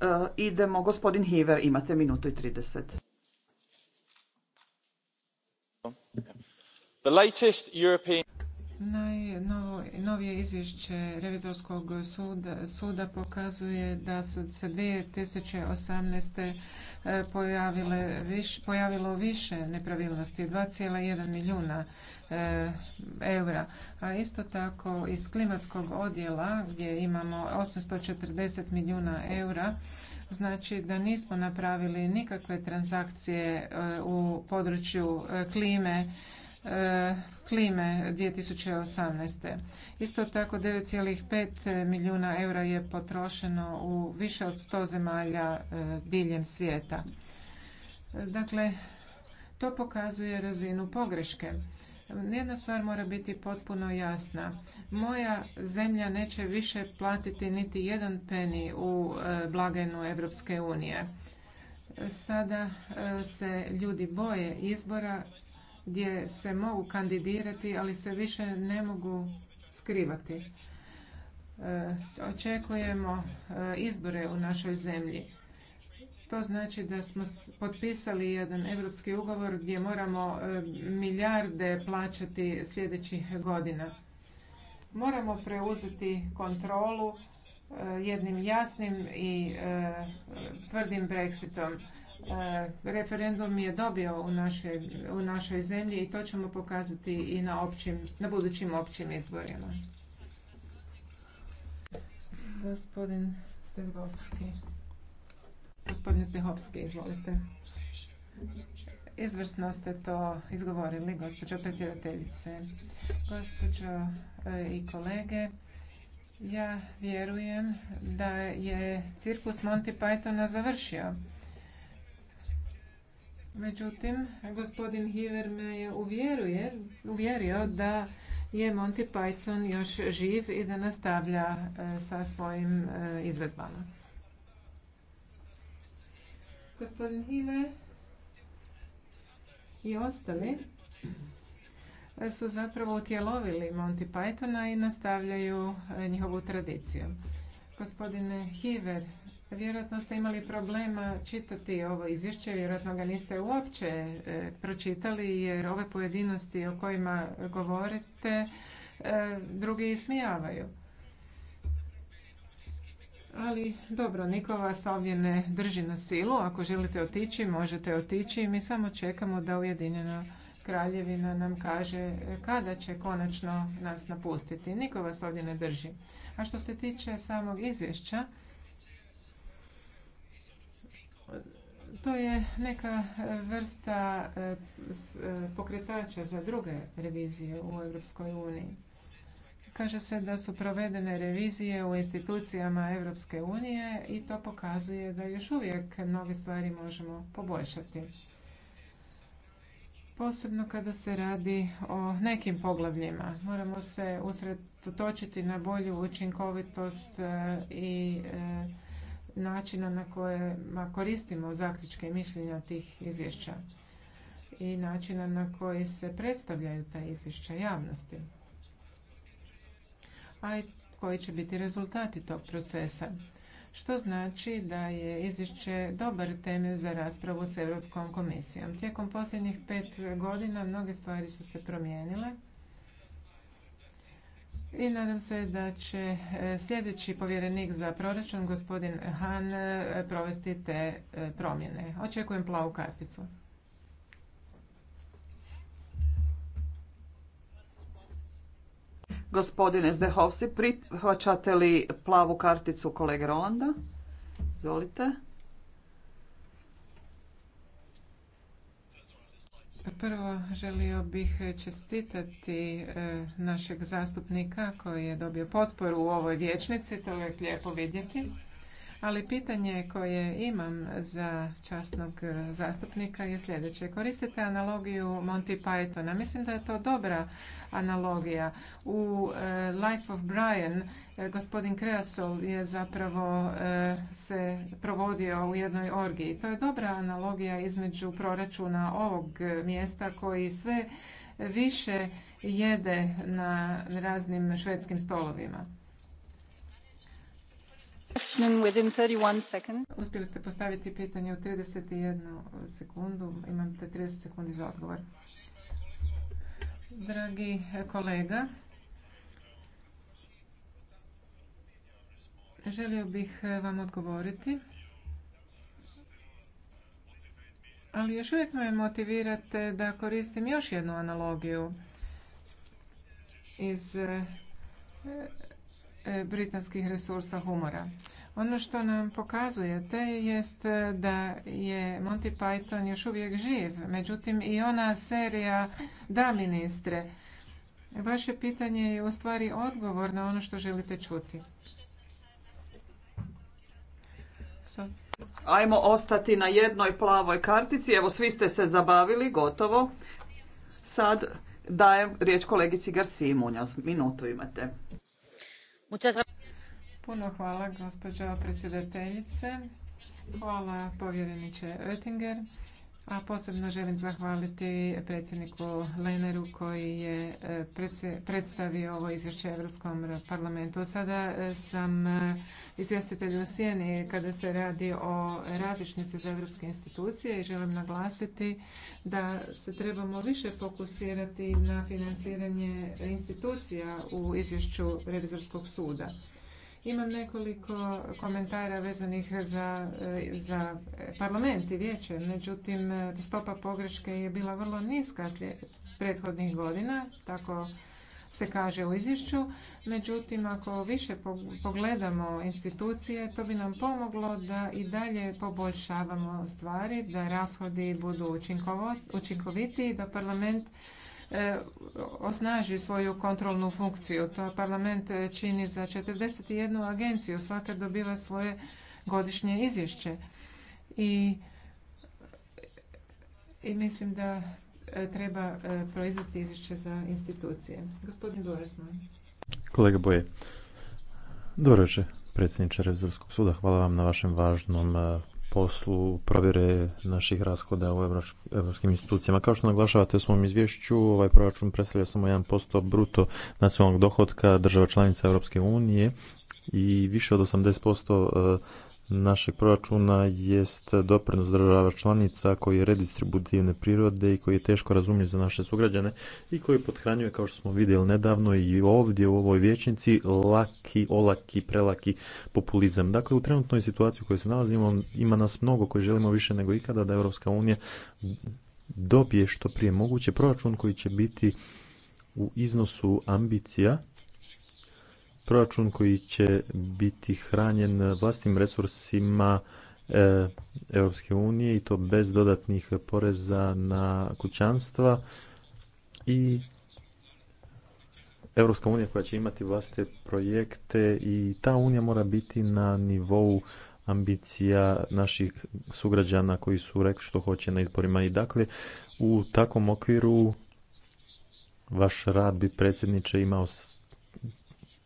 e, idemo. Gospodin Hiver, imate minutu i 30. The European... Najnovije izvješće Revizorskog suda, suda pokazuje da su se 2018. E, pojavile viš, pojavilo više nepravilnosti, 2,1 milijuna e, eura. A isto tako iz klimatskog odjela gdje imamo 840 milijuna eura, znači da nismo napravili nikakve transakcije e, u području klime, klime 2018. Isto tako 9,5 milijuna eura je potrošeno u više od 100 zemalja e, diljem svijeta. Dakle, to pokazuje razinu pogreške. Jedna stvar mora biti potpuno jasna. Moja zemlja neće više platiti niti jedan peni u e, blagajnu Europske unije. Sada e, se ljudi boje izbora gdje se mogu kandidirati, ali se više ne mogu skrivati. E, očekujemo e, izbore u našoj zemlji. To znači da smo potpisali jedan europski ugovor gdje moramo e, milijarde plaćati sljedećih godina. Moramo preuzeti kontrolu jednim jasnim i tvrdim Brexitom referendum je dobio u našoj, u zemlji i to ćemo pokazati i na, općim, na budućim općim izborima. Gospodin Stehovski. Gospodin Stehovski, izvolite. Izvrsno ste to izgovorili, gospođo predsjedateljice. Gospođo e, i kolege, ja vjerujem da je cirkus Monty Pythona završio Međutim, gospodin Hiver me je uvjerio da je Monty Python još živ i da nastavlja e, sa svojim e, izvedbama. Gospodin Hiver i ostali e, su zapravo utjelovili Monty Pythona i nastavljaju njihovu tradiciju. Gospodine Hiver, Vjerojatno ste imali problema eh, čitati ovo izvješće, vjerojatno ga niste uopće eh, pročitali jer ove pojedinosti o kojima govorite eh, drugi ismijavaju. Ali dobro, niko vas ovdje ne drži na silu. Ako želite otići, možete otići. Mi samo čekamo da Ujedinjena kraljevina nam kaže kada će konačno nas napustiti. Niko vas ovdje ne drži. A što se tiče samog izvješća, To je neka e, vrsta e, e, pokretača za druge revizije u Europskoj uniji. Kaže se da su provedene revizije u institucijama Europske unije i to pokazuje da još uvijek mnoge stvari možemo poboljšati. Posebno kada se radi o nekim poglavljima. Moramo se usredotočiti na bolju učinkovitost i načina na koje koristimo zaključke i mišljenja tih izvješća i načina na koji se predstavljaju ta izvješća javnosti, a i koji će biti rezultati tog procesa što znači da je izvješće dobar temelj za raspravu s Europskom komisijom. Tijekom posljednjih pet godina mnoge stvari su se promijenile i nadam se da će e, sljedeći povjerenik za proračun, gospodin Han, e, provesti te e, promjene. Očekujem plavu karticu. Gospodine Zdehovsi, prihvaćate li plavu karticu kolege Rolanda? Izvolite. Prvo želio bih čestitati e, našeg zastupnika koji je dobio potporu u ovoj vječnici, to je lijepo vidjeti. Ali pitanje koje imam za časnog zastupnika je sljedeće. Koristite analogiju Monty Pythona. Mislim da je to dobra analogija. U e, Life of Brian e, gospodin Kreasol je zapravo e, se provodio u jednoj orgiji. To je dobra analogija između proračuna ovog mjesta koji sve više jede na raznim švedskim stolovima. Uspjeli ste postaviti pitanje u 31 sekundu. Imate 30 sekundi za odgovor. Dragi kolega, želio bih vam odgovoriti. Ali još uvijek me motivirate da koristim još jednu analogiju iz E, britanskih resursa humora. Ono što nam pokazujete jest e, da je Monty Python još uvijek živ. Međutim, i ona serija Da, ministre. Vaše pitanje je u stvari odgovor na ono što želite čuti. Ajmo ostati na jednoj plavoj kartici. Evo, svi ste se zabavili, gotovo. Sad dajem riječ kolegici Garsimunja. Minutu imate. Puno hvala gospođo predsjedateljice. Hvala povjereniče Oettinger. A posebno želim zahvaliti predsjedniku Leneru koji je e, predstavio ovo izvješće Europskom parlamentu. Sada e, sam e, izvjestitelj u Sjeni kada se radi o različnici za europske institucije i želim naglasiti da se trebamo više fokusirati na financiranje institucija u izvješću Revizorskog suda. Imam nekoliko komentara vezanih za, za parlament i vijeće, međutim stopa pogreške je bila vrlo niska prethodnih godina, tako se kaže u izvješću. Međutim, ako više pogledamo institucije, to bi nam pomoglo da i dalje poboljšavamo stvari, da rashodi budu učinkovitiji, da parlament E, osnaži svoju kontrolnu funkciju. To parlament e, čini za 41 agenciju. Svaka dobiva svoje godišnje izvješće. I, i mislim da e, treba proizvesti izvješće za institucije. Gospodin Dorsman. Kolega Boje, dobro večer predsjedniče Revizorskog suda. Hvala vam na vašem važnom poslu provjere naših rashoda u europskim institucijama. Kao što naglašavate u svom izvješću, ovaj proračun predstavlja samo 1% bruto nacionalnog dohotka država članica Europske unije i više od 80% našeg proračuna jest doprinos država članica koji je redistributivne prirode i koji je teško razumljiv za naše sugrađane i koji pothranjuje kao što smo vidjeli nedavno i ovdje u ovoj vječnici, laki, olaki, prelaki populizam. Dakle, u trenutnoj situaciji u kojoj se nalazimo ima nas mnogo koji želimo više nego ikada da Europska unija dobije što prije moguće proračun koji će biti u iznosu ambicija proračun koji će biti hranjen vlastnim resursima e, Europske unije i to bez dodatnih poreza na kućanstva i Europska unija koja će imati vlastite projekte i ta unija mora biti na nivou ambicija naših sugrađana koji su rekli što hoće na izborima i dakle u takvom okviru vaš rad bi predsjedniče imao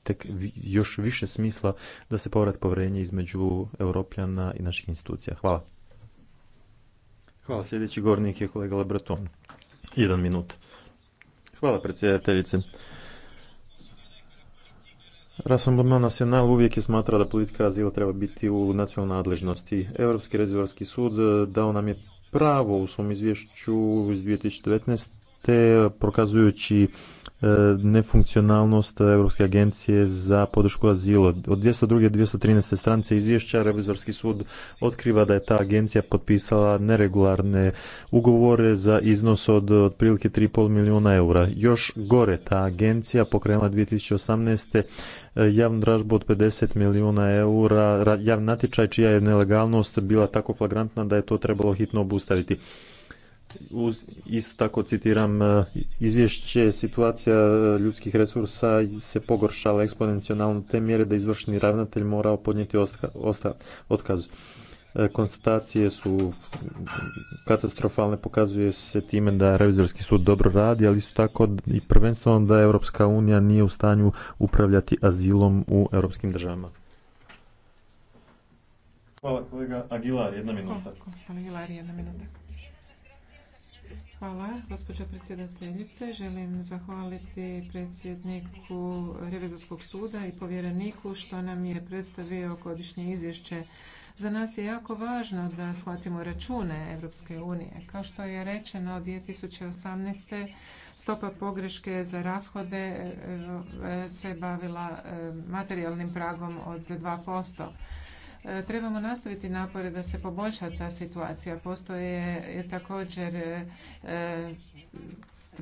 tek još više smisla da se povrat povrenje između europljana i naših institucija. Hvala. Hvala. Sljedeći govornik je kolega Lebreton. Jedan minut. Hvala predsjedateljice. Rassemblement Nacional uvijek je smatra da politika azila treba biti u nacionalnoj nadležnosti. Europski rezervarski sud eh, dao nam je pravo u svom izvješću iz 2019 te prokazujući e, nefunkcionalnost Europske agencije za podršku azila. Od 202. 213. stranice izvješća Revizorski sud otkriva da je ta agencija potpisala neregularne ugovore za iznos od otprilike 3,5 milijuna eura. Još gore ta agencija pokrenula 2018. E, javnu dražbu od 50 milijuna eura, javni natječaj čija je nelegalnost bila tako flagrantna da je to trebalo hitno obustaviti uz, isto tako citiram e, izvješće situacija e, ljudskih resursa se pogoršala eksponencionalno te mjere da izvršni ravnatelj morao podnijeti otkaz. E, konstatacije su katastrofalne, pokazuje se time da revizorski sud dobro radi, ali isto tako i prvenstveno da Europska unija nije u stanju upravljati azilom u europskim državama. Hvala kolega Aguilar, jedna minuta. Aguilar, jedna minuta. Hvala, gospođo predsjedateljice. Želim zahvaliti predsjedniku Revizorskog suda i povjereniku što nam je predstavio godišnje izvješće. Za nas je jako važno da shvatimo račune Europske unije. Kao što je rečeno, 2018. stopa pogreške za rashode e, e, se bavila e, materijalnim pragom od 2%. E, trebamo nastaviti napore da se poboljša ta situacija. Postoje također e, e,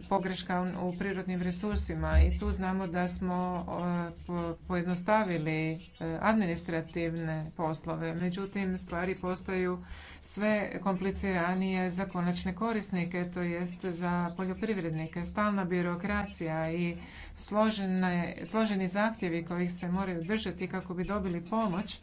pogreška u prirodnim resursima i tu znamo da smo pojednostavili administrativne poslove. Međutim, stvari postaju sve kompliciranije za konačne korisnike, to jest za poljoprivrednike. Stalna birokracija i složeni zahtjevi kojih se moraju držati kako bi dobili pomoć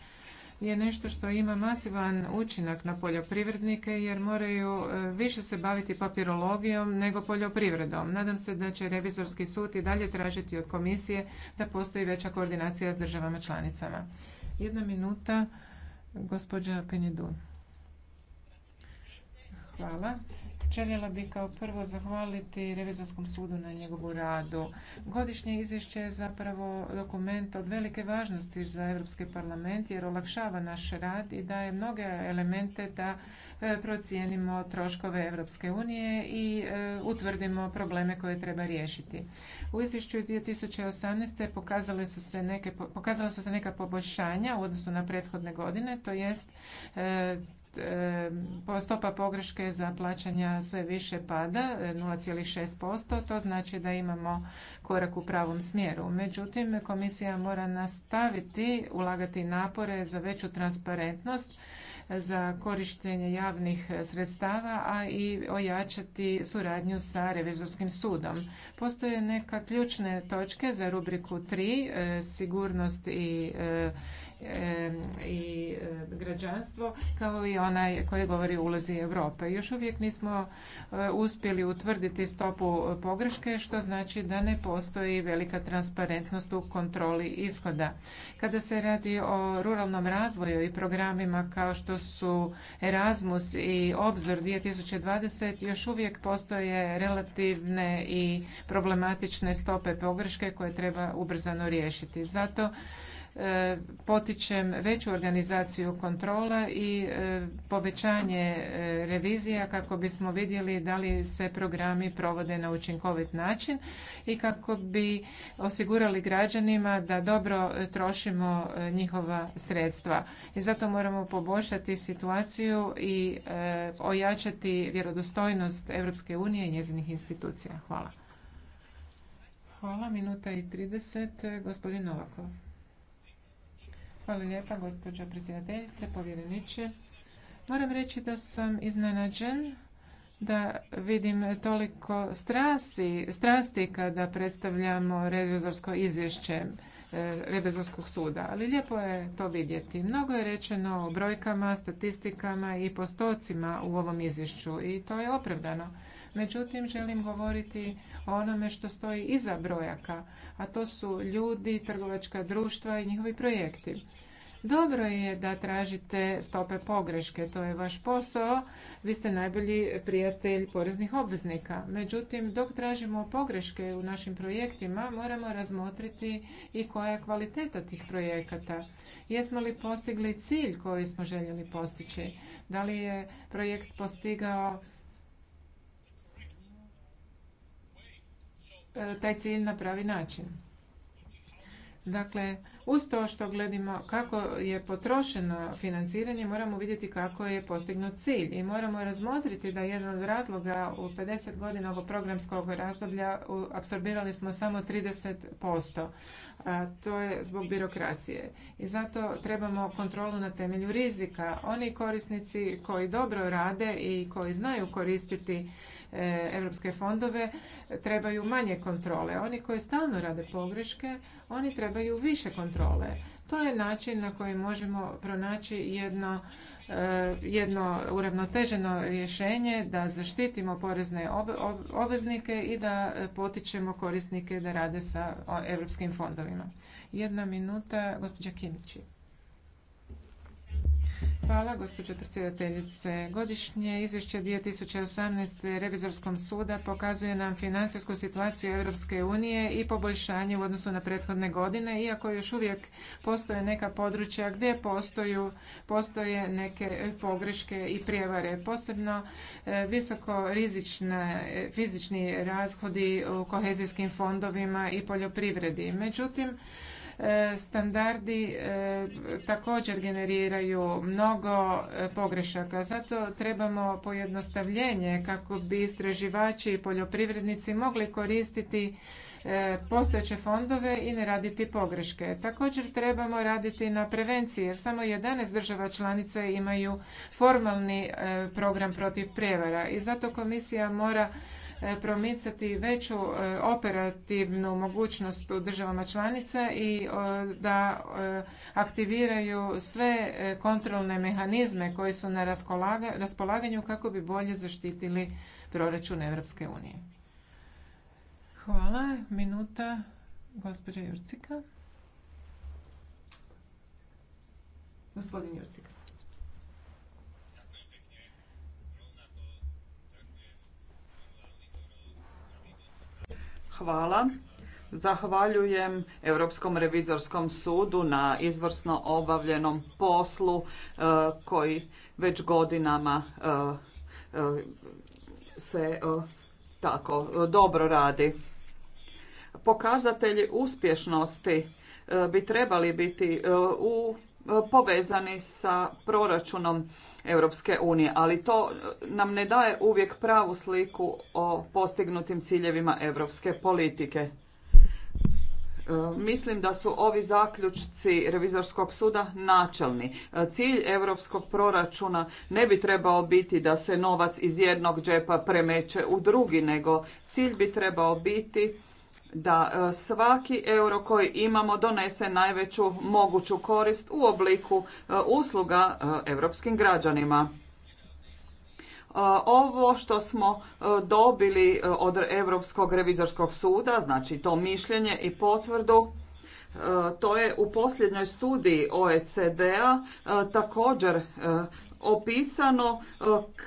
je nešto što ima masivan učinak na poljoprivrednike jer moraju e, više se baviti papirologijom nego poljoprivredom. Nadam se da će revizorski sud i dalje tražiti od komisije da postoji veća koordinacija s državama članicama. Jedna minuta, gospođa Penjedu. Hvala. Željela bih kao prvo zahvaliti Revizorskom sudu na njegovu radu. Godišnje izvješće je zapravo dokument od velike važnosti za Europski parlament jer olakšava naš rad i daje mnoge elemente da e, procijenimo troškove Europske unije i e, utvrdimo probleme koje treba riješiti. U izvješću iz 2018. pokazale su pokazala su se neka poboljšanja u odnosu na prethodne godine, to jest e, Ehm, stopa pogreške za plaćanja sve više pada 0,6%, e, to znači da imamo korak u pravom smjeru. Međutim, komisija mora nastaviti ulagati napore za veću transparentnost za korištenje javnih sredstava, a i ojačati suradnju sa revizorskim sudom. Postoje neka ključne točke za rubriku 3, e, sigurnost i e, e, i građanstvo kao i onaj koji govori o ulazi Europe. Još uvijek nismo uspjeli utvrditi stopu pogreške što znači da ne postoji velika transparentnost u kontroli ishoda. Kada se radi o ruralnom razvoju i programima kao što su Erasmus i Obzor 2020 još uvijek postoje relativne i problematične stope pogreške koje treba ubrzano riješiti. Zato potičem veću organizaciju kontrola i e, povećanje e, revizija kako bismo vidjeli da li se programi provode na učinkovit način i kako bi osigurali građanima da dobro trošimo e, njihova sredstva. I zato moramo poboljšati situaciju i ojačati vjerodostojnost Europske unije i njezinih institucija. Hvala. Hvala. Minuta i 30. Gospodin Novakov. Hvala lijepa gospođo predsjedateljice, povjereniče. Moram reći da sam iznenađen da vidim toliko strasi, strasti kada predstavljamo revizorsko izvješće e, revizorskog suda, ali lijepo je to vidjeti. Mnogo je rečeno o brojkama, statistikama i postocima u ovom izvješću i to je opravdano. Međutim, želim govoriti o onome što stoji iza brojaka, a to su ljudi, trgovačka društva i njihovi projekti. Dobro je da tražite stope pogreške, to je vaš posao, vi ste najbolji prijatelj poreznih obveznika. Međutim, dok tražimo pogreške u našim projektima, moramo razmotriti i koja je kvaliteta tih projekata. Jesmo li postigli cilj koji smo željeli postići? Da li je projekt postigao E, taj cilj na pravi način. Dakle, uz to što gledimo kako je potrošeno financiranje, moramo vidjeti kako je postignut cilj i moramo razmotriti da jedan od razloga u 50 godina ovog programskog razdoblja apsorbirali smo samo 30%. A to je zbog birokracije. I zato trebamo kontrolu na temelju rizika. Oni korisnici koji dobro rade i koji znaju koristiti europske fondove trebaju manje kontrole. Oni koji stalno rade pogreške, oni trebaju više kontrole. To je način na koji možemo pronaći jedno, e, jedno uravnoteženo rješenje da zaštitimo porezne obveznike i da potičemo korisnike da rade sa europskim fondovima. Jedna minuta, gospođa Kimići. Hvala, gospođo predsjedateljice. Godišnje izvješće 2018. revizorskom suda pokazuje nam financijsku situaciju Europske unije i poboljšanje u odnosu na prethodne godine, iako još uvijek postoje neka područja gdje postoje neke pogreške i prijevare. Posebno e, visoko e, fizični razhodi u kohezijskim fondovima i poljoprivredi. Međutim, E, standardi e, također generiraju mnogo e, pogrešaka. Zato trebamo pojednostavljenje kako bi istraživači i poljoprivrednici mogli koristiti postojeće fondove i ne raditi pogreške. Također trebamo raditi na prevenciji jer samo 11 država članica imaju formalni program protiv prevara i zato komisija mora E, promicati veću e, operativnu mogućnost u državama članica i e, da aktiviraju sve kontrolne mehanizme koji su na raspolaganju kako bi bolje zaštitili proračun Europske unije. Hvala. Minuta gospođa Jurcika. Gospodin Jurcika. Hvala. Zahvaljujem Europskom revizorskom sudu na izvrsno obavljenom poslu e, koji već godinama e, e, se tako dobro radi. Pokazatelji uspješnosti bi trebali biti u povezani sa proračunom Europske unije, ali to nam ne daje uvijek pravu sliku o postignutim ciljevima europske politike. E, mislim da su ovi zaključci revizorskog suda načelni. E, cilj europskog proračuna ne bi trebao biti da se novac iz jednog džepa premeće u drugi, nego cilj bi trebao biti da e, svaki euro koji imamo donese najveću moguću korist u obliku e, usluga europskim građanima. E, ovo što smo dobili od Europskog revizorskog suda, znači to mišljenje i potvrdu, to je u posljednjoj studiji OECD-a također opisano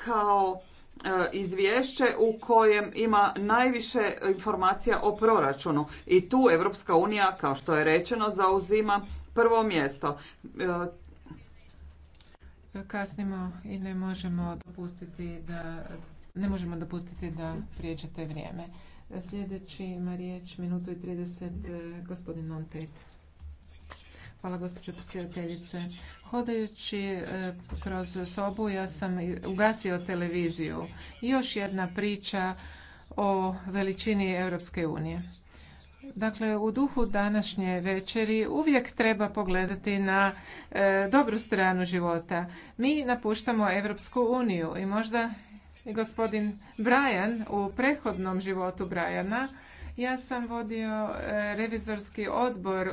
kao E, izvješće u kojem ima najviše informacija o proračunu i tu Europska unija, kao što je rečeno, zauzima prvo mjesto. E, Kasnimo i ne možemo dopustiti da ne možemo dopustiti da prijeđete vrijeme. Sljedeći ima riječ minutu i 30 gospodin Montet. Hvala gospođo predsjedateljice. Hodajući e, kroz sobu ja sam ugasio televiziju. Još jedna priča o veličini Europske unije. Dakle, u duhu današnje večeri uvijek treba pogledati na e, dobru stranu života. Mi napuštamo Europsku uniju i možda gospodin Brian u prethodnom životu Briana ja sam vodio e, revizorski odbor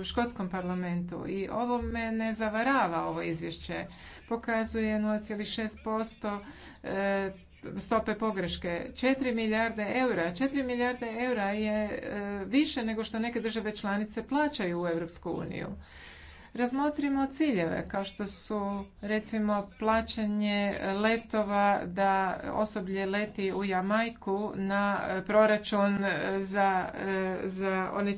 u, škotskom parlamentu i ovo me ne zavarava ovo izvješće. Pokazuje 0,6% e, stope pogreške. 4 milijarde eura. 4 milijarde eura je e, više nego što neke države članice plaćaju u Europsku uniju razmotrimo ciljeve kao što su recimo plaćanje letova da osoblje leti u Jamajku na e, proračun e, za, e, za